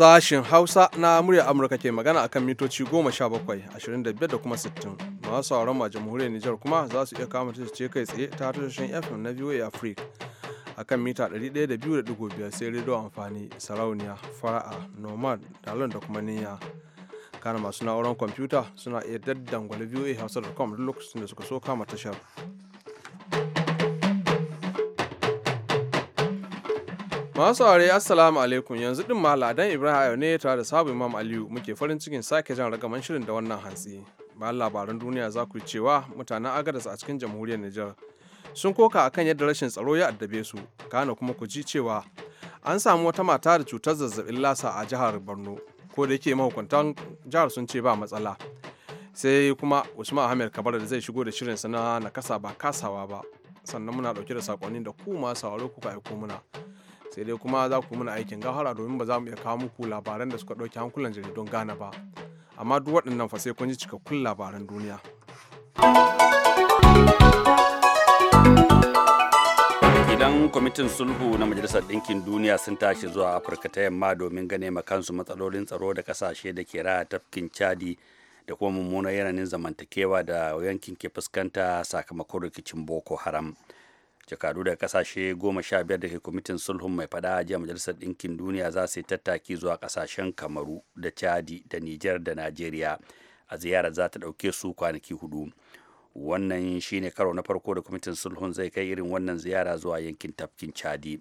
Sashen Hausa na murya Amurka ke magana akan mitoci 17, 25 da kuma 60. Masu sauran ma jamhuriyar Nijar kuma za su iya kama ce kai tsaye ta tashoshin FM na VOA Africa. a kan mita 102.5 sai rediyo amfani sarauniya fara'a nomad dalon da kuma niyya kana masu na'urar kwamfuta suna iya daddan daddangwale voa hausa.com duk lokacin da suka so kama tashar. Masu aure assalamu alaikum yanzu din Ladan Ibrahim Ayo ne tare da sabu Imam Aliyu muke farin cikin sake jan ragaman shirin da wannan hantsi. Bayan labaran duniya za ku cewa mutanen Agadas a cikin jamhuriyar Nijar sun koka akan yadda rashin tsaro ya addabe su, kana kuma ku ji cewa an samu wata mata da cutar zazzabin lasa a jihar Borno, ko da yake mahukuntan jihar sun ce ba matsala. Sai kuma Usman Ahmed Kabar da zai shigo da shirin sana na kasa ba kasawa ba. Sannan muna dauke da sakonni da ku masu sauraro kuka aiko muna. sai dai kuma za ku muna aikin gahara domin ba za mu iya kawo muku labaran da suka ɗauki hankulan jaridun Ghana ba. Amma duk waɗannan fa sai kun ji cikakkun labaran duniya. idan kwamitin sulhu na Majalisar Ɗinkin Duniya sun tashi zuwa Afirka ta yamma domin gane kansu matsalolin tsaro da ƙasashe da ke raya tafkin Chadi da kuma mummunar yanayin zamantakewa da yankin ke fuskanta sakamakon rikicin Boko Haram. jakadu daga kasashe goma sha biyar da ke kwamitin sulhun mai fada a majalisar ɗinkin duniya za su yi tattaki zuwa kasashen kamaru da chadi da niger da najeriya a ziyarar za ta ɗauke su kwanaki hudu wannan shine karo na farko da kwamitin sulhun zai kai irin wannan ziyara zuwa yankin tafkin chadi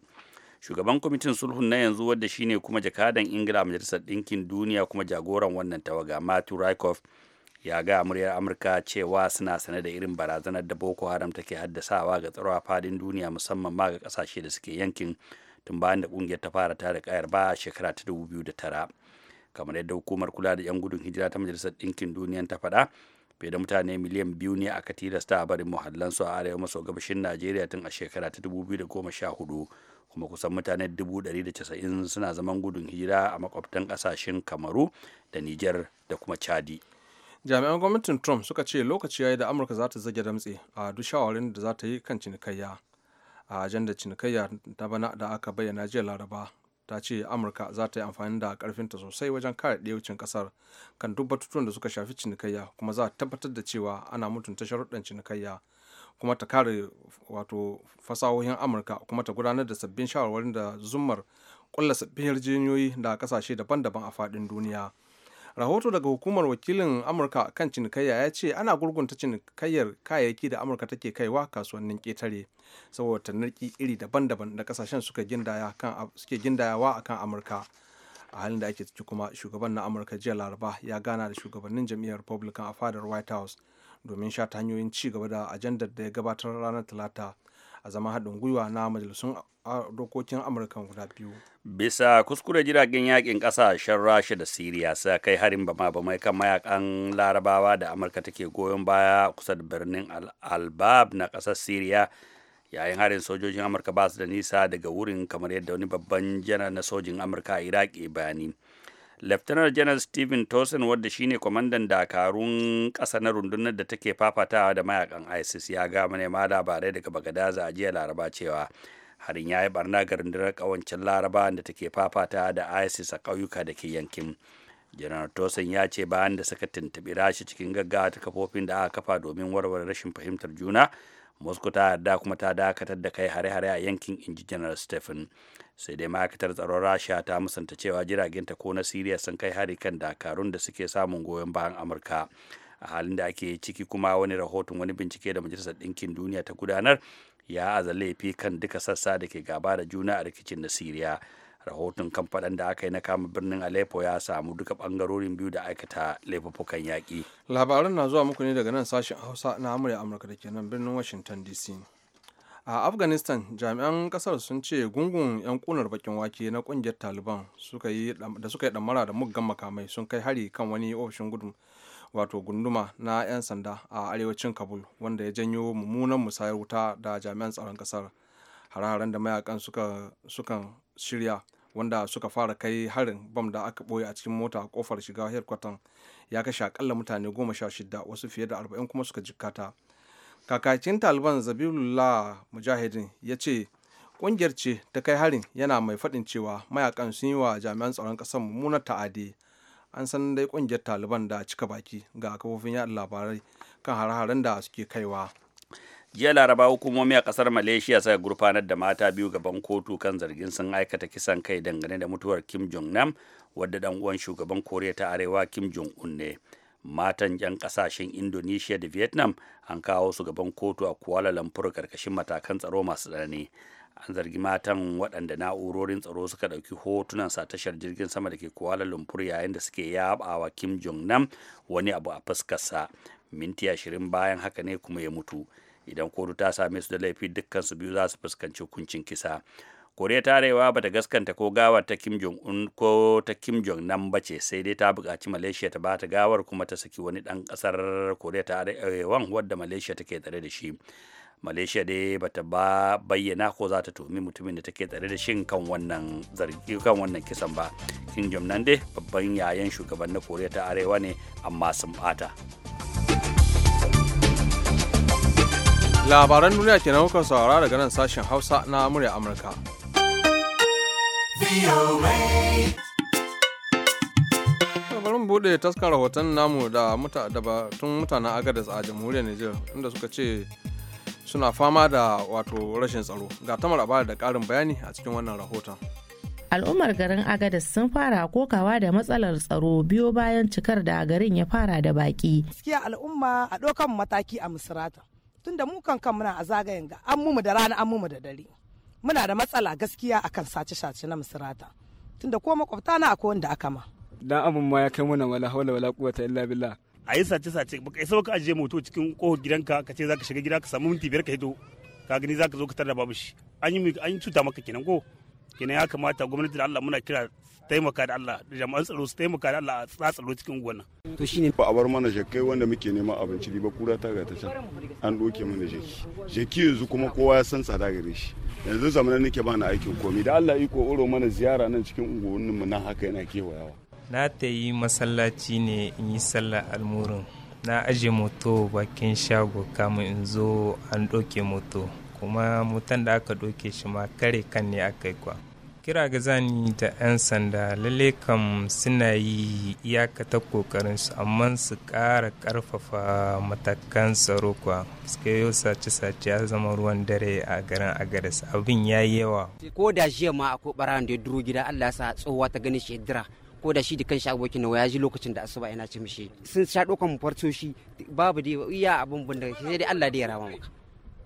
shugaban kwamitin sulhun na yanzu wadda shine kuma jakadan ingila majalisar ɗinkin duniya kuma jagoran wannan tawaga matthew rykoff ya ga muryar amurka cewa suna sane da irin barazanar da boko haram take haddasawa ga tsaro a fadin duniya musamman ma ga kasashe da suke yankin tun bayan da kungiyar ta fara tare kayar ba a shekara ta tara kamar yadda hukumar kula da yan gudun hijira ta majalisar ɗinkin duniya ta faɗa fiye da mutane miliyan biyu ne aka tilasta a barin muhallansu a arewa maso gabashin najeriya tun a shekara ta goma hudu kuma kusan mutane dubu da casa'in suna zaman gudun hijira a makwabtan ƙasashen kamaru da nijar da kuma chadi jami'an gwamnatin trump suka ce lokaci yi da amurka za ta zage damtse a duk shawarin da za ta yi kan cinikayya a ajandar cinikayya ta bana da aka bayyana jiya laraba ta ce amurka za ta yi amfani da karfinta sosai wajen kare ɗewucin kasar kan duk batutuwan da suka shafi cinikayya kuma za a tabbatar da cewa ana mutunta sharuɗan cinikayya kuma ta kare wato fasahohin amurka kuma ta gudanar da sabbin shawarwarin da zummar kulla sabbin yarjejeniyoyi da kasashe daban-daban a faɗin duniya. rahoto daga hukumar wakilin amurka kan cinikayya ya ce ana gurgunta cinikayyar kayayyaki da amurka take kaiwa kasuwannin ketare saboda tannarki iri daban-daban da kasashen suke gindayawa akan amurka a halin da ake ciki kuma shugaban na amurka jiya laraba ya gana da shugabannin jam'iyyar republican a fadar white house domin shata hanyoyin ci gaba da ajandar da ya gabatar ranar talata a zama haɗin gwiwa na majalisun dokokin amurka guda biyu bisa kuskure jiragen yakin ƙasashen rasha da siriya sa kai harin bama bamai kan mayakan larabawa da amurka take goyon baya kusa da birnin albab na ƙasar siriya yayin harin sojojin amurka ba su da nisa daga wurin kamar yadda wani babban janar na sojin amurka a iraki bayani Laftanar Janar Steven Tosin wadda shine kwamandan dakarun ƙasa na rundunar da take fafatawa da mayakan ISIS ya ga manema labarai daga Bagadaza a jiya Laraba cewa harin ya yi barna ga rundunar ƙawancin Laraba da take fafatawa da ISIS a ƙauyuka da ke yankin. Janar Tosin ya ce bayan da suka tuntuɓi rashi cikin gaggawa ta kafofin da aka kafa domin warware rashin fahimtar juna moscow ta yarda kuma ta dakatar da kai hare-hare a yankin inji general stephen sai dai ma'aikatar tsaron rasha ta musanta cewa jiragenta ko na syria sun kai hari kan dakarun da suke samun goyon bayan amurka a halin da ake ciki kuma wani rahoton wani bincike da majalisar ɗinkin duniya ta gudanar ya aza laifi kan duka sassa da ke gaba da juna a rikicin na syria. rahoton kamfanin da aka yi na kama birnin aleppo ya samu duka bangarorin biyu da aikata laifuffukan yaki. labaran na zuwa muku ne daga nan sashen hausa na amurya amurka da ke nan birnin washington dc a afghanistan jami'an kasar sun ce gungun 'yan kunar bakin wake na ƙungiyar taliban da suka yi damara da muggan makamai sun kai hari kan wani ofishin gudun wato gunduma na 'yan sanda a arewacin kabul wanda ya janyo mummunan musayar wuta da jami'an tsaron kasar hare-haren da mayakan sukan shirya wanda suka fara kai harin bam da aka ɓoye a cikin mota kofar shiga herkwatan ya kashe akalla mutane goma sha shida wasu fiye da arba'in kuma suka jikkata kakakin taliban zabilullah mujahidin ya ce ƙungiyar ce ta kai harin yana mai faɗin cewa mayakan sun yi wa jami'an tsaron ƙasar mummunar ta'adi an san dai ƙungiyar taliban da cika baki ga kafofin yaɗa labarai kan hare-haren da suke kaiwa jiya laraba hukumomi a kasar malaysia suka gurfanar da mata biyu gaban kotu kan zargin sun aikata kisan kai dangane da mutuwar kim jong nam wadda dan uwan shugaban koriya ta arewa kim jong un ne matan yan kasashen indonesia da vietnam an kawo su gaban kotu a kuala lumpur karkashin matakan tsaro masu tsanani an zargi matan waɗanda na'urorin tsaro suka ɗauki hotunan sa tashar jirgin sama da ke kuala lumpur yayin da suke yaɓawa kim jong nam wani abu a fuskarsa minti ashirin bayan haka ne kuma ya mutu idan kotu ta same su da laifi dukkan su biyu za su fuskanci hukuncin kisa koriya ta arewa ba ta gaskanta ko gawar ta kim jong un ko ta kim jong nan ba ce sai dai ta buƙaci malaysia ta ba ta gawar kuma ta saki wani ɗan ƙasar koriya ta arewan wadda malaysia take tsare da shi malaysia dai ba ta bayyana ko za ta tumi mutumin da take tsare da shi kan wannan zargi kan wannan kisan ba kim jong nan dai babban yayan shugaban na koriya ta arewa ne amma sun bata labaran duniya ke nan kuka saurara daga nan sashen hausa na murya amurka bari mu bude taskar rahoton namu da tun mutanen agadas a jamhuriyar niger inda suka ce suna fama da wato rashin tsaro ga tamar abada da karin bayani a cikin wannan rahoton al'ummar garin agadis sun fara kokawa da matsalar tsaro biyo bayan cikar da garin ya fara da baki gaskiya al'umma a ɗaukan mataki a misrata tunda mu kan kan muna a zagayen ga an mu da rana an mu da dare muna da matsala gaskiya akan sace sace na misirata tunda ko makwabta na akwai wanda aka ma dan abun ma ya kai mana wala hawla wala quwwata illa billah a yi sace sace baka kai ka ajiye moto cikin kohon gidanka ka ce zaka shiga gida ka samu minti biyar ka hito ka gani zaka zo ka tarda babu shi an yi an cuta maka kenan ko kenan ya kamata gwamnati da Allah muna kira taimaka da Allah da jama'an tsaro su taimaka da Allah a tsatsaro cikin gona. To shine ba a bar mana jakkai wanda muke neman abinci ba kura ta ga ta can an doke mana jaki. Jaki yanzu kuma kowa ya san tsada gare shi. Yanzu zamana nake ba na aikin komai da Allah iko oro mana ziyara nan cikin unguwannin mu nan haka yana kewayawa. Na ta yi masallaci ne in yi sallah almurin. Na aje moto bakin shago kamun in zo an doke moto kuma mutan da aka doke shi ma kare kan ne aka yi kwa. kira ga zani da 'yan sanda lalle kam suna yi iyakata kokarin su amma su kara karfafa matakan tsaro kuwa suka yi sace-sace ya zama ruwan dare a garin agares abin ya yi yawa ko da shi ma ko ɓarawan da ya duro gida allah sa tsohuwa ta gani dira ko da shi da kan abokin nawa ya ji lokacin da asuba yana ci mishi sun sha ɗaukan babu da iya abin bunda sai dai allah da ya rama maka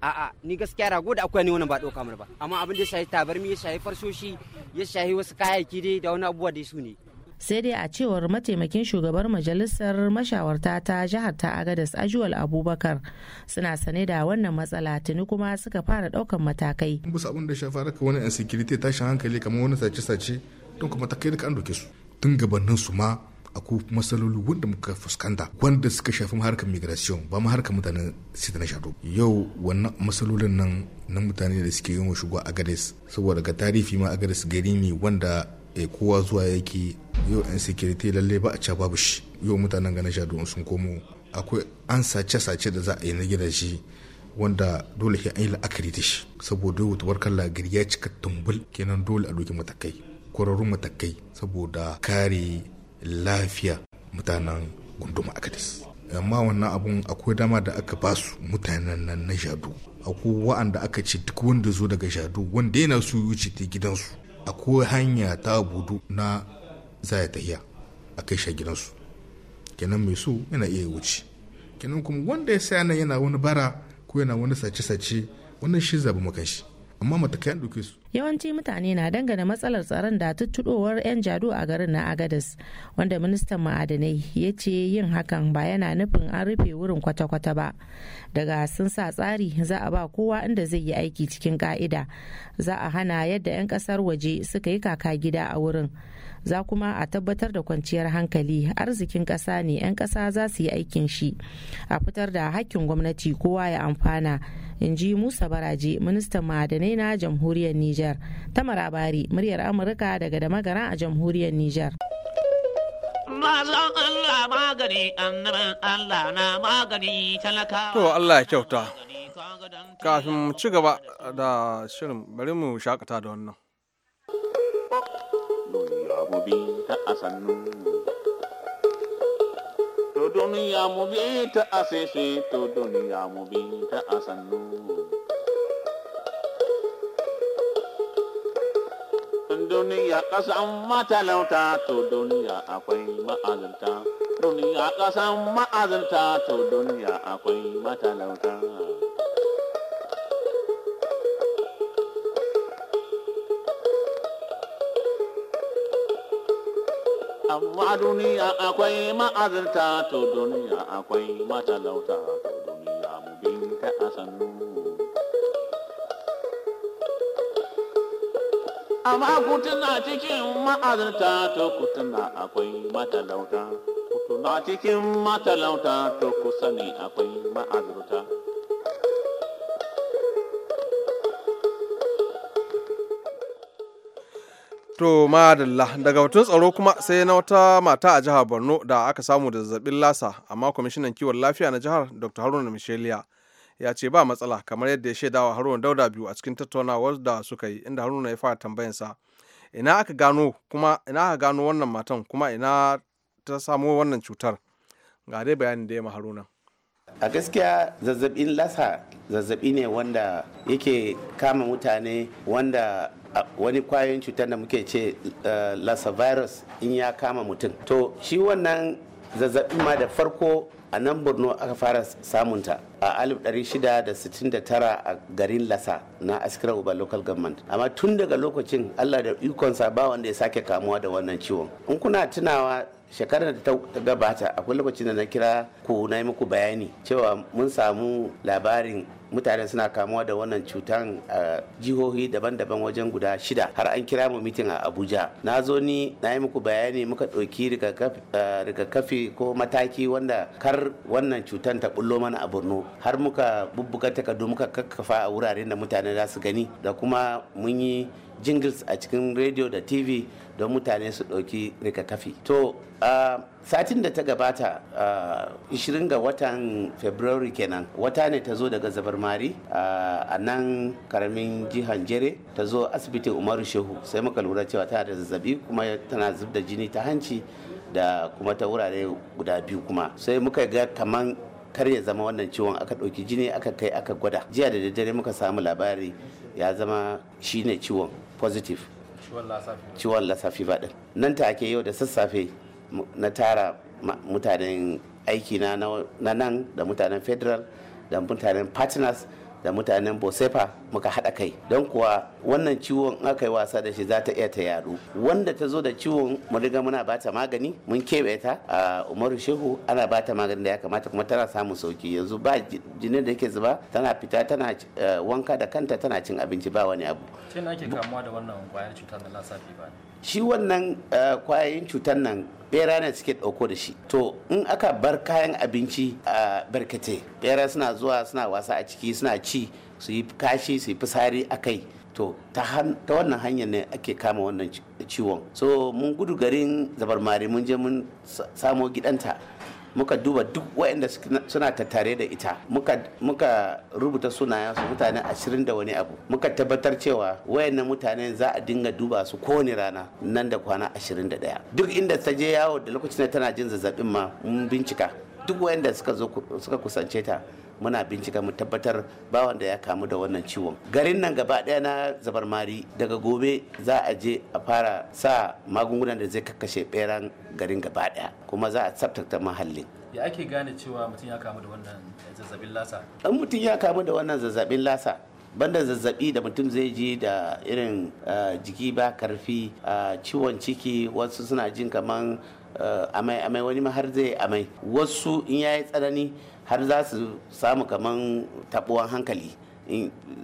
a'a ni gaskiya rago da akwai ne wannan ba doka mana ba amma abin da ya shahi tabarmi ya shahi farsoshi ya shahi wasu kayayyaki dai da wani abubuwa dai su ne sai dai a cewar mataimakin shugabar majalisar mashawarta ta jihar ta agadas ajuwal abubakar suna sane da wannan matsala tuni kuma suka fara ɗaukan matakai bisa abin da shafa raka wani insecurity tashin hankali kamar wani sace-sace don kuma takai da an doke su tun gabanin su ma akwai matsaloli wanda muka fuskanta wanda suka shafi harkar migration ba ma harkar mutanen su na shato yau wannan matsalolin nan na mutane da suke yin shigo a gades saboda ga tarihi ma a gades gari ne wanda eh, kowa zuwa yake yau yan security lalle ba a ca babu shi yau mutanen gana shaduwan sun komo akwai an sace-sace da za a yi na gidaje wanda dole ke an yi la'akari da shi saboda yau tabar kalla gari ya cika tumbul kenan dole a doki matakai kwararrun matakai saboda kare lafiya mutanen gunduma akadis amma wannan abun akwai dama da aka ba su mutanen nan na jadu akwai wa'anda aka ce duk wanda zo daga jadu wanda yana su wuce ta gidansu akwai hanya ta budu na zaya tahiya a kai sha gidansu kenan mai so yana iya wuce kenan kuma wanda ya saya nan yana wani bara ko yana wani sace-sace wannan shi zabi makanshi shi amma matakai an ɗauke su yawanci mutane na dangane matsalar tsaron da tuttuɗowar 'yan jadu a garin na agadas wanda ministan ma'adanai ya ce yin hakan ba yana nufin an rufe wurin kwata-kwata ba daga sun sa tsari za a ba kowa inda zai yi aiki cikin ka'ida za a hana yadda 'yan ƙasar waje suka yi kaka gida a wurin za kuma a tabbatar da kwanciyar hankali arzikin ƙasa ne 'yan ƙasa za su yi aikin shi a fitar da hakkin gwamnati kowa ya amfana in ji musa baraje ministan ma'adanai na jamhuriyar niger ta marabari muryar amurka daga da magana a jamhuriyar niger magani To Allah ya kyauta. Kafin mu ci gaba da shirin bari mu shakata da wannan. duniya mu bi ta asese to duniya mu bi ta asannu duniya kasan matalauta to duniya akwai ma'azanta duniya kasan ma'azanta to duniya akwai matalauta amma duniya akwai ma'azarta to duniya akwai matalauta to duniya mu binta a sannu amma kutuna cikin ma'azarta to kutuna akwai matalauta kutuna cikin matalauta to kusa ne akwai ma'azarta To madalla daga batun tsaro kuma sai na wata mata a jihar Borno da aka samu da zazzabin lasa amma kwamishinan kiwon lafiya na jihar Dr. Haruna Michelia ya ce ba matsala kamar yadda ya shaidawa Haruna Dauda biyu a cikin tattaunawar da suka yi inda Haruna ya fara tambayansa ina aka gano kuma ina aka gano wannan matan kuma ina ta samo wannan cutar ga dai bayanin da ya Haruna. a gaskiya zazzabin lasa zazzabi ne wanda yake kama mutane wanda wani kwayoyin cutar da muke ce eh, lassa virus in ya kama mutum to shi wannan zazzabi ma da farko a nan borno aka fara samunta a 1669 a garin lasa na askira uba local government amma tun daga lokacin allah da ikonsa ba wanda ya sake kamuwa da wannan ciwon in kuna tunawa shekarar da ta gabata akwai lokacin da na kira ku na yi muku bayani cewa mun samu labarin mutane suna kamuwa da wannan cutan a jihohi daban-daban wajen guda shida har an kira mu mitin a abuja na zo ni na yi muku bayani muka ɗauki rigakafi ko mataki wanda kar wannan cutan ta bullo mana a borno har muka bubbuka takardu muka kakkafa a wuraren da mutane za su gani da kuma mun yi jingles a cikin radio da tv don mutane su ɗauki rikakafi to uh, satin da ta gabata uh, 20 ga watan february kenan wata ne ta zo daga zabarmari uh, a nan karamin jihar jere ta zo asibitin umaru shehu sai muka lura cewa tana da zazzabi kuma tana zub da jini ta hanci da kuma ta wurare guda biyu kuma sai muka ga kaman kar ya zama wannan ciwon aka ɗauki jini aka kai aka gwada jiya da daddare muka samu labari ya zama shine ciwon positive ciwon lasafi ba nan ta ake yau da sassafe na tara mutanen aiki na nan da mutanen federal da mutanen partners da mutanen bosefa muka haɗa kai don kuwa wannan ciwon aka yi wasa da shi za ta iya ta yadu wanda ta zo da ciwon mu riga muna bata magani mun keɓe ta a umaru shehu ana bata magani da ya kamata kuma tana samun sauki yanzu ba jini da yake zuba tana fita tana eh, wanka da kanta tana cin abinci ba wani abu. ake kamuwa da wannan kwayar cutar da lasafi ba shi wannan eh, kwayoyin cutar nan bera ne suke ɗauko da shi to in aka bar kayan abinci a barkate bera suna zuwa suna wasa a ciki suna ci su yi kashi su yi fisari a kai to ta wannan hanyar ne ake kama wannan ciwon so mun gudu garin zabar mari mun je mun samo gidanta muka duba duk waɗanda suna tattare da ita muka rubuta su mutane ashirin da wani abu muka tabbatar cewa wayannan mutane za a dinga duba su kowane rana nan da kwana ashirin da ɗaya duk inda ta je yawo da lokacin da tana jin zazzabin ma mun bincika duk wayanda suka kusance ta muna bincika mu tabbatar ba wanda ya kamu da wannan ciwon garin nan gaba daya na zabar mari daga gobe za a je a fara sa magungunan da zai kakkashe beran garin gaba daya kuma za a tsabtata mahallin ya ake gane cewa mutum ya kamu da wannan zazzabin lasa Dan mutum ya kamu da wannan zazzabin lasa banda zazzabi da mutum zai ji da irin eh, jiki ba karfi eh, ciwon ciki wasu suna jin kaman eh, amai amai wani ma har zai amai wasu in ya yi tsanani har za su samu kaman tabuwan hankali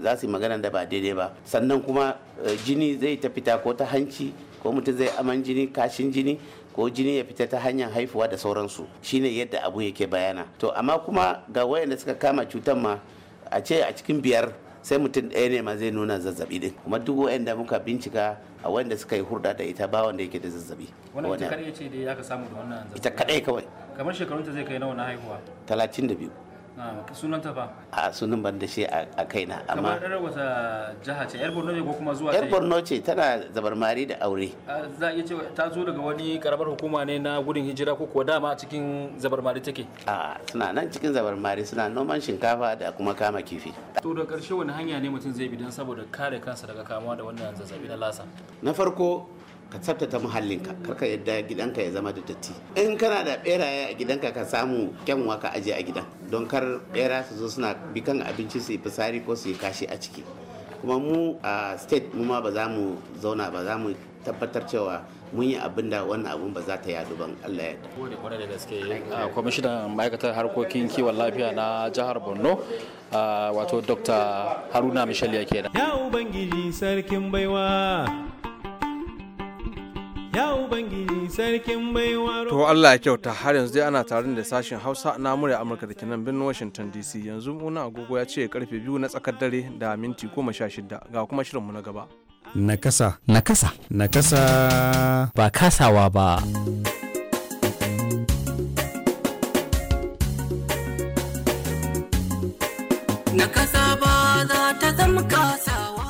za su yi magana da ba daidai ba sannan kuma eh, jini zai ta fita ko ta hanci ko mutum zai aman jini kashin jini ko jini ya fita ta hanyar haifuwa da sauransu shine yadda abu yake bayana to amma kuma ga wayanda suka kama cutar ma a ce a cikin biyar sai mutum ɗaya ne ma zai nuna zazzabi din kuma duk da muka bincika a wanda suka yi hurɗa da ita ba wanda yake da zazzabi wani ita kadai ce da aka samu da wannan zazzabi ita kadai kawai kamar shekarunta zai kai nawa na haihuwa talatin da biyu. Ah, sunanta ba a sunan ban da shi a kaina amma kamar yar wata jiha ce yar borno ne ko kuma zuwa yar borno ce tana zabarmari da aure za a iya ce ta zo daga wani karamar hukuma ne na gudun hijira ko kuwa dama a cikin zabarmari take a suna nan cikin zabarmari suna noman shinkafa da kuma kama kifi to da karshe wani hanya ne mutum zai bi don saboda kare kansa daga kamuwa da wannan zazzabi na lasa na farko ka tsabtata muhallinka kar ka yadda gidanka ya zama da datti in kana da beraye a gidanka ka samu kyanwa ka ajiye a gidan don kar bera su zo suna bi kan abinci su yi fisari ko su yi kashi a ciki kuma mu a state mu ma ba za mu zauna ba za mu tabbatar cewa mun yi abin da wannan abun ba za ta yadu ban Allah ya kwamishinan ma'aikatar harkokin kiwon lafiya na jihar Borno wato Dr. Haruna michelle ya da. Ya Ubangiji sarkin baiwa Ya To Allah ya kyauta har yanzu dai ana tarin da sashen Hausa na murya Amurka da kenan birnin Washington DC yanzu muna agogo ya ce karfe biyu na tsakar dare da minti goma sha shida ga kuma shirin mu na gaba. Nakasa. Nakasa. Nakasa. Ba kasawa ba. Nakasa ba.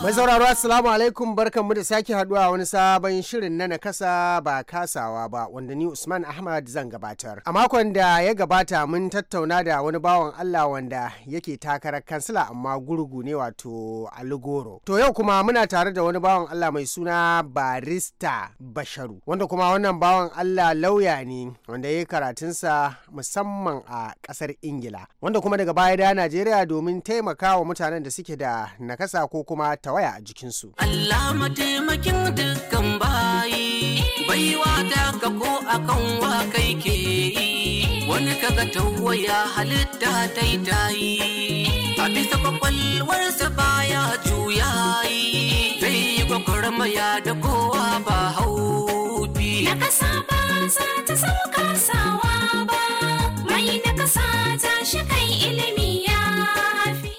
Mai sauraro Assalamu alaikum barkanmu da sake haduwa wani sabon shirin na nakasa ba kasawa ba wanda ni Usman Ahmad zan gabatar. A makon da ya gabata mun tattauna da wani bawan Allah wanda yake takarar kansila amma gurgu ne wato Alugoro. To yau kuma muna tare da wani bawan Allah mai suna Barista Basharu wanda kuma wannan bawan Allah lauya ne wanda ya karatunsa musamman a kasar Ingila wanda kuma daga baya da Najeriya domin taimakawa mutanen da suke da nakasa ko kuma tawaya a jikinsu. Allah mataimakin dukkan bayi baiwa da ka ko kan wa kai ke yi wani kaga tawaya halitta tayi. a bisa kwakwalwarsa baya yi. zai yi maya da kowa ba hau Na kasa ba za ta sauka sawa ba mai na kasa ta shi kai ilimi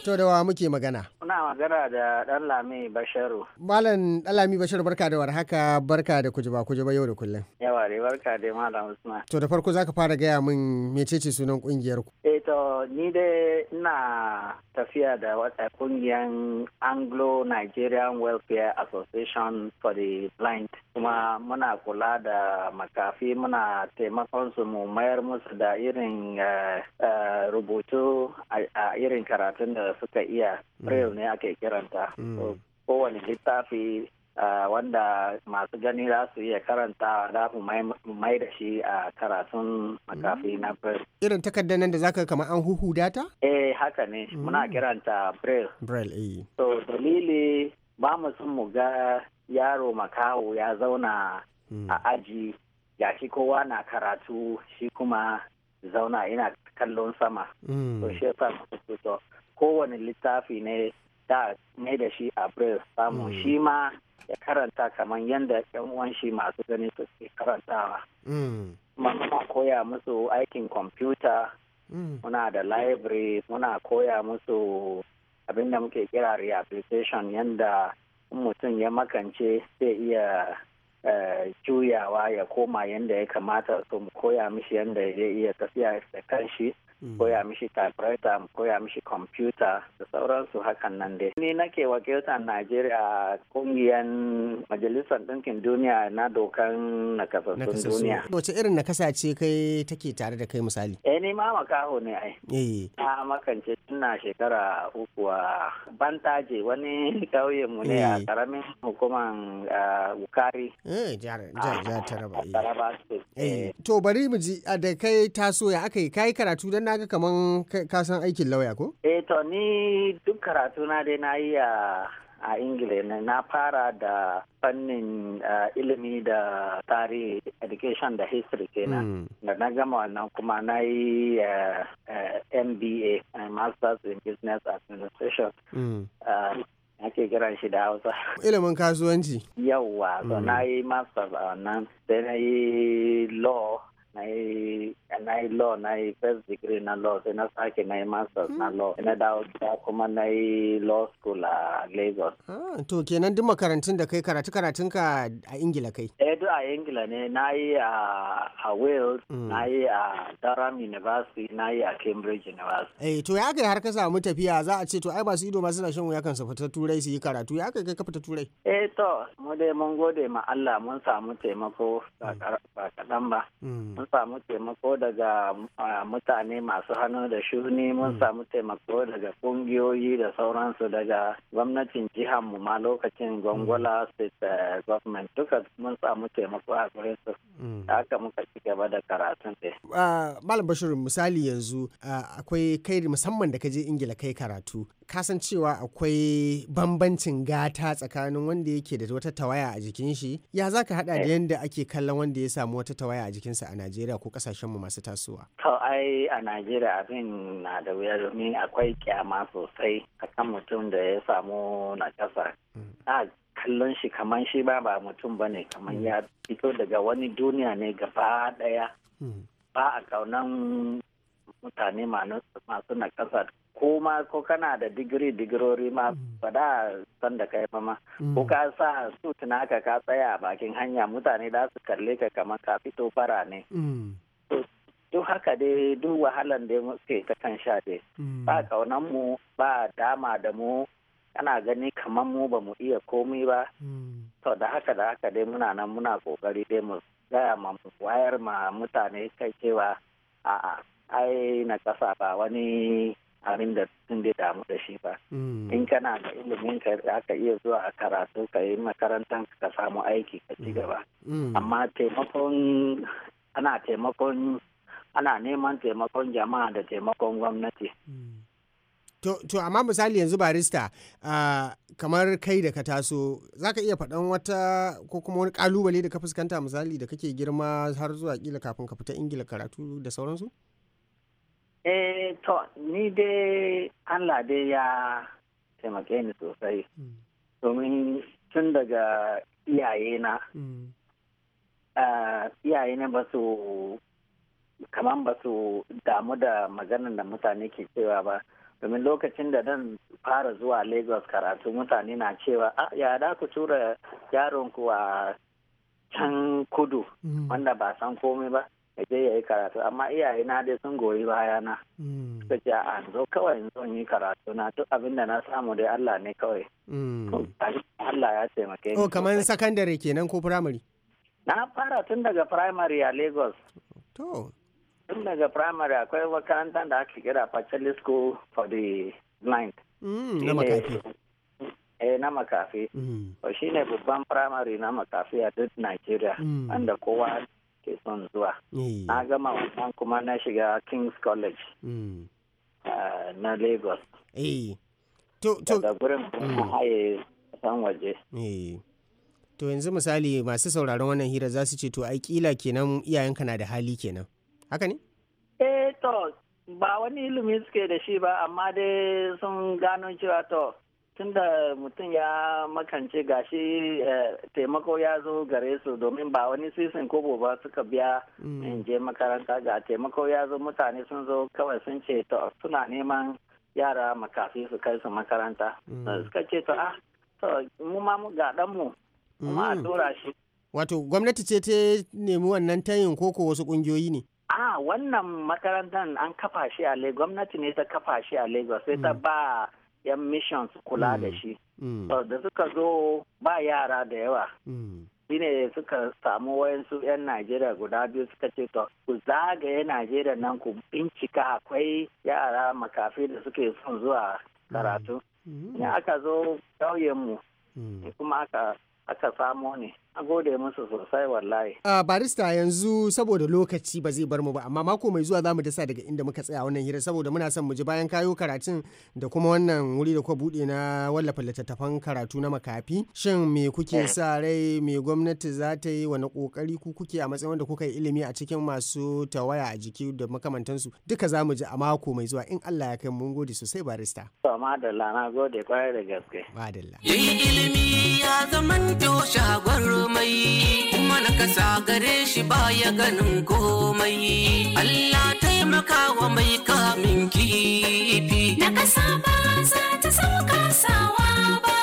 To da wa muke magana? Muna magana da Lami Basharu. Malam Lami Basharu barka da warhaka barka da kujiba kujiba yau da kullum. Yawa dai barka dai Malam Usman. To da farko zaka fara gaya min mecece sunan kungiyar ku? Eh to ni dai ina tafiya da wata kungiyar Anglo Nigerian Welfare Association for the Blind. Kuma muna kula da makafi muna taimakon su mu mayar musu da irin eh, eh, rubutu a irin karatun da da suka iya braille hmm. ne ake kiranta hmm. kowane littafi wanda masu gani za su iya karanta za mu mai da shi a karatun makafi hmm. na braille irin takardar nan da zaka kama an huhuda ta eh haka ne muna kiranta braille braille eh to dalili ba mu sun mu ga yaro makaho ya zauna a aji ya shi kowa na karatu shi kuma zauna ina kallon sama So shi kowane littafi ne da ne da shi april samu mm. shi ma ya karanta kamar yadda yan uwan shi masu gani ke karantawa mm. muna koya musu aikin kwamfuta mm. muna da library muna koya musu abin da muke kira rehabilitation yadda mutum ya makance zai iya eh, juyawa ya koma yadda ya kamata so mu koya mishi yadda zai iya tafiya da kanshi Mm. koya mishi typewriter koya mishi computer da sauransu hakan nan dai ni nake wakiltar najeriya kungiyar majalisar ɗinkin duniya na dokan nakasassun duniya wace irin nakasa ce kai take tare da kai misali eh ni ma makaho ne ai eh. na makance ina shekara uku a bantaje wani kauyen mu ne a karamin eh. hukuman bukari. eh jihar taraba eh. taraba to bari mu ji da kai taso ya aka yi kai karatu dan na ga kaman ka aikin lauya ko? Eh to ni duk karatu na dai na yi a a ingila na fara da fannin eh, ilimi da tarihi education da history kenan hmm. da na gama wannan kuma na yi eh, eh, mba masters in business administration hmm. ake kiran shi da hausa ilimin kasuwanci yawwa so hmm. na yi masters a wannan sai na yi law na yi law na yi first degree na law sai na sake na yi masters na hmm. law na dawo kuma na yi law school a lagos ah, to kenan duk makarantun da kai karatu karatun ka a ingila kai eh duk a ingila ne na yi a wales hmm. na yi a durham university na yi a cambridge university eh to ya kai har ka samu tafiya za a ce to ai masu ido masu suna shan wuya kan su fita turai su yi karatu ya kai ka fita turai eh to mu dai mun gode ma Allah mun samu taimako ba hmm. kaɗan ba mun samu taimako daga mutane masu hannu da shuni mun hmm. samu taimako daga kungiyoyi da sauransu daga gwamnatin jihar mu ma lokacin gongola hmm. state eh, government duka mun samu taimako a gurin su hmm. haka muka ci gaba da karatun dai. malam bashir misali yanzu akwai kai musamman da ka je ingila kai karatu kasan cewa akwai bambancin gata tsakanin wanda yake da wata tawaya a jikin shi ya za ka hada da eh. yadda ake kallon wanda ya samu wata tawaya a jikinsa a najeriya ko kasashenmu masu tasowa to ai a najeriya abin na da wuya domin akwai kyama sosai a kan mutum da ya samu nakasa mm. kallon shi kamar shi ba ba mutum ba ne kaman mm. ya fito daga wani duniya ne gaba daya mm. ba a kaunan mutane masu na ƙasa. ko ma ko kana da digiri digirori ma mm. ba da san da kai ma mm. ko ka sa su tunaka ka tsaya a bakin hanya mutane da su kalle ka kamar ka fito fara ne mm. duk haka dai duk wahalan da muke ta kan sha dai ba kaunan mu ba dama da mu ana gani kamar mu ba mu iya komi ba to da haka da haka dai muna nan muna kokari dai mu gaya ma wayar ma mutane kai cewa a'a ai na kasa ba wani abin da sun bai damu da shi ba. Mm. In kana da ilimin ka da ka iya zuwa a karatu ka yi makarantar ka samu aiki ka ci gaba. Mm. Amma taimakon ana taimakon ana neman taimakon jama'a da taimakon gwamnati. Mm. To, amma misali yanzu barista kamar kai da ka taso za ka iya faɗan wata ko kuma wani ƙalubale da ka fuskanta misali da kake girma har zuwa kila kafin ka fita ingila karatu da sauransu? eh to ni dai Allah dai ya taimake ni sosai mm. domin tun daga iyayena mm. na ba su kamar ba su damu da maganin da mutane ke cewa ba domin lokacin da dan fara zuwa lagos karatu mutane na cewa a ah, ya da ku tura ku a can kudu mm. wanda ba san komai ba ya je ya yi karatu amma iyaye na dai sun goyi baya na mm. suka ce a zo kawai in zo yi karatu na duk abin da na samu dai Allah ne kawai mm. Allah ya taimake ni oh, kamar sakandare kenan ko primary na fara tun daga primary a Lagos to tun daga primary akwai wakantan da ake kira Pachali School for the Blind mm, na makafi eh na makafi shine babban firamare na makafi a duk Najeriya wanda kowa ke son zuwa eh. na gama wannan kuma na shiga king's college mm. na lagos eh. daga gurin kuma mm. haye san waje eh. to yanzu misali masu sauraron wannan hira za su ce to ai kila kenan iyayenka na da hali kenan haka ne eh to ba wani ilimi suke da shi ba amma dai sun gano cewa to tunda mutum ya makance gashi eh, taimako ya zo gare su domin ba wani sisin kobo ba suka biya mm. in je makaranta ga taimako ya zo mutane sun zo kawai sun ce to suna neman yara makafi su kai su makaranta mm. suka ce to ah to mu ma mu ga mu kuma mm. a shi wato gwamnati ce ta nemi wannan tayin koko wasu kungiyoyi ne a wannan makarantar an kafa shi a lagos gwamnati ne ta kafa shi a lagos sai ta ba yan missions kula da mm. shi mm. da suka zo ba yara da yawa mm. shine suka samu wayansu 'yan Najeriya guda biyu suka ce to ku zagaye Najeriya nan ku bincika akwai yara makafi da suke son zuwa karatu. Ne aka zo ƙauyenmu kuma aka samo ne. a gode musu sosai wallahi. A barista yanzu saboda lokaci ba zai bar mu ba amma mako mai zuwa za mu dasa daga inda muka tsaya wannan hira saboda muna son mu ji bayan kayo karatun da kuma wannan wuri da kuka bude na wallafa littattafan karatu na makafi shin me kuke eh. sa rai me gwamnati za ta yi wani kokari ku kuke a matsayin da kuka yi ilimi a cikin masu tawaya a jiki da makamantansu duka za mu ji a mako mai zuwa in Allah ya kai mun gode sosai barista. madalla na gode kwarai da gaske. Madalla. Yi ilimi ya zamanto shagwaro komai kuma na kasa gare shi baya ganin komai Allah taimaka wa mai kamin kifi na kasa ba za ta sauka sawa ba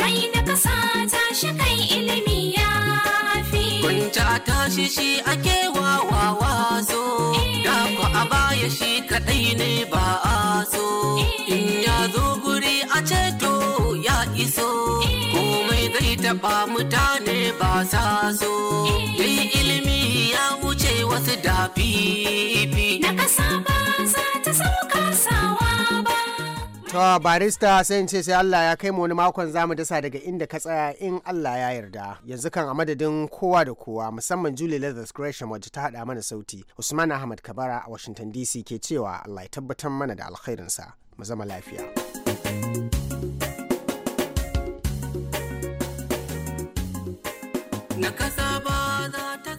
mai na kasa ta shi kai ilimi ya fi kunta ta shi shi ake wawa wazo eh. da ku a baya shi kadai ne ba a so eh. in ya zo taba mutane ba sa so dai ilimi ya wuce wasu dafi na kasa ba za ta sauka sawa ba To barista sai in ce sai Allah ya kai mu wani makon zamu dasa daga inda ka tsaya in Allah ya yarda. Yanzu kan a madadin kowa da kowa musamman Julie Leathers Creation wacce ta hada mana sauti. Usman Ahmad Kabara a Washington DC ke cewa Allah ya tabbatar mana da alkhairinsa. Mu zama lafiya.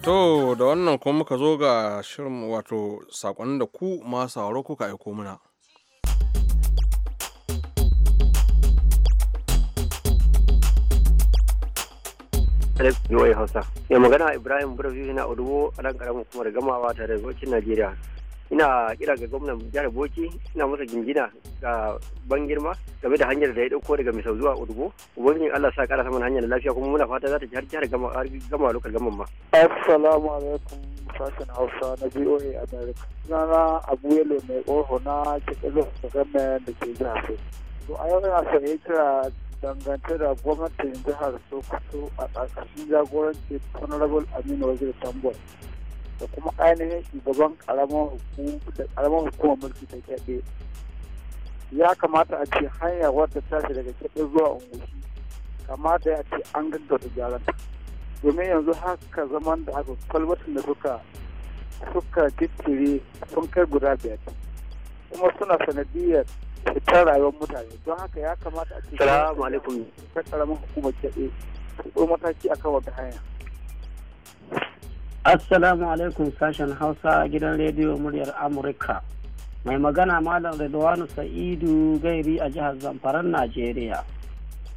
To da wannan kuma muka zo ga shirin wato saƙon da ku masu sauro kuka aiko muna. Alif Hausa. Mai magana Ibrahim Burabi na Odubo a ɗan ƙaramin kuma da gamawa tare da Najeriya. ina kira ga gwamnan jihar boki ina masa gingina ga ban girma game da hanyar da ya dauko daga misau zuwa urbo ubangijin allah sa kara saman hanyar lafiya kuma muna fata za ta ji har jihar gama lokal gaman ma assalamu alaikum sashen hausa na a america na abu mai ƙorho na cikin lokacin gwamnan da ke jihar to a yau na sanye kira dangance da gwamnatin jihar sokoto a ƙarƙashin jagorancin honorable aminu wajen da kuma ainihin shugaban karamar hukumar mulki ta kyaɗe ya kamata a ce hanya wadda tashi daga kyaɗe zuwa ungushi kamata ya ce an gaggauta gyaran domin yanzu haka zaman da aka kwalbatin da suka suka gittire sun kai guda biyar kuma suna sanadiyar fitar rayuwar mutane don haka ya kamata a ce salamu alaikum ta karamar hukumar kyaɗe su mataki akan wata hanya Assalamu alaikum sashen Hausa gidan rediyo muryar Amurka. Mai magana Malam Ridwanu Sa'idu Gairi a jihar Zamfaran Najeriya.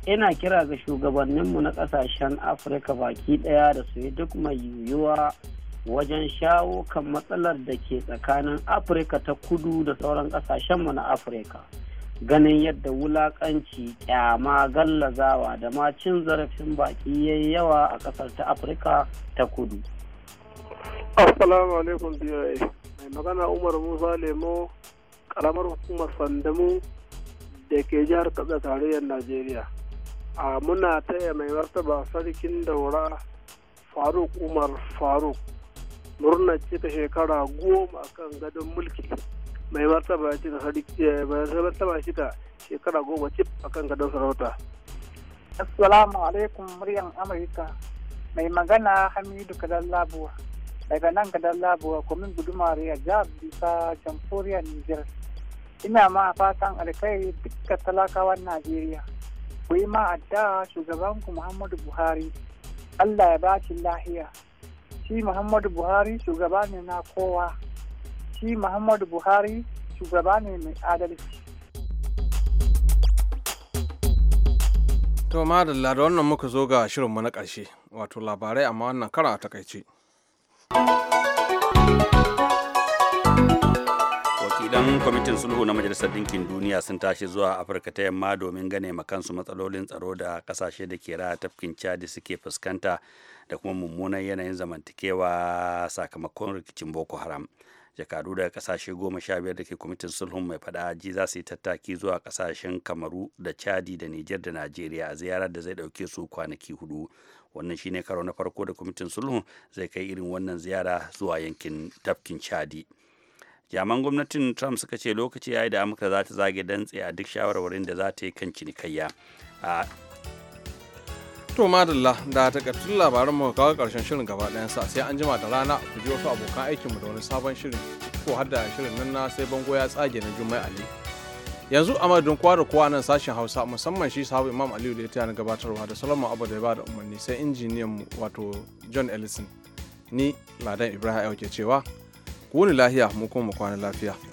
Ina kira ga shugabanninmu na ƙasashen Afirka baki ɗaya da su yi duk mai yiwuwa wajen shawo kan matsalar da ke tsakanin Afirka ta kudu da sauran ƙasashenmu na Afirka. Ganin yadda wulaƙanci, ƙyama, gallazawa da ma cin zarafin baƙi yayi yawa a ƙasar ta Afirka ta kudu. Assalamu alaikum BOA. Mai magana Umar Musa Lemo, karamar hukumar Sandamu da ke jihar Katsina tarayyar Najeriya. A muna taya mai martaba sarkin daura Faruk Umar Faruk. Murna cika shekara goma kan gadon mulki. Mai martaba cika eh, martaba cika shekara goma a akan gadon sarauta. Assalamu alaikum muryan Amurka. Mai magana Hamidu Kalallabuwa. daga nan ga labuwa kwamin guduma ya jihar bisa jamhuriyar niger ina ma fatan alkhairi duka talakawan najeriya ku yi ma addu'a shugabanku muhammadu buhari allah ya ba shi lahiya shi muhammadu buhari shugaba ne na kowa shi muhammadu buhari shugaba ne mai adalci to madalla da wannan muka zo ga shirinmu na ƙarshe wato labarai amma wannan kara a takaice. wakilan kwamitin sulhu na majalisar ɗinkin duniya sun tashi zuwa afirka ta yamma domin gane makansu matsalolin tsaro da kasashe da ke raya tafkin chadi suke fuskanta da kuma mummunan yanayin zamantakewa sakamakon rikicin boko haram jakadu daga kasashe goma sha biyar da ke kwamitin sulhun mai fada ji za su yi tattaki zuwa kasashen kamaru da chadi da niger da najeriya a ziyarar da zai dauke su kwanaki hudu wannan shine karo na farko da kwamitin sulhun zai kai irin wannan ziyara zuwa yankin tafkin chadi jaman gwamnatin trump suka ce lokaci ya yi da amurka za ta zage dantse a duk shawarwarin da za ta yi kan cinikayya a to madalla da takattun labaran mu kawo karshen shirin gaba sa sai an jima da rana ku ji wasu abokan aikinmu da wani sabon shirin ko har da shirin nan na sai bango ya tsage na jummai ne. yanzu a madadin kowa da kowa nan sashen hausa musamman shi sahabu imam aliyu da ya tayar gabatarwa da solomon abu da ya bada umarni sai injiniyan mu wato john ellison ni ladan ibrahim ke cewa ku wuni lahiya mu kuma mu kwana lafiya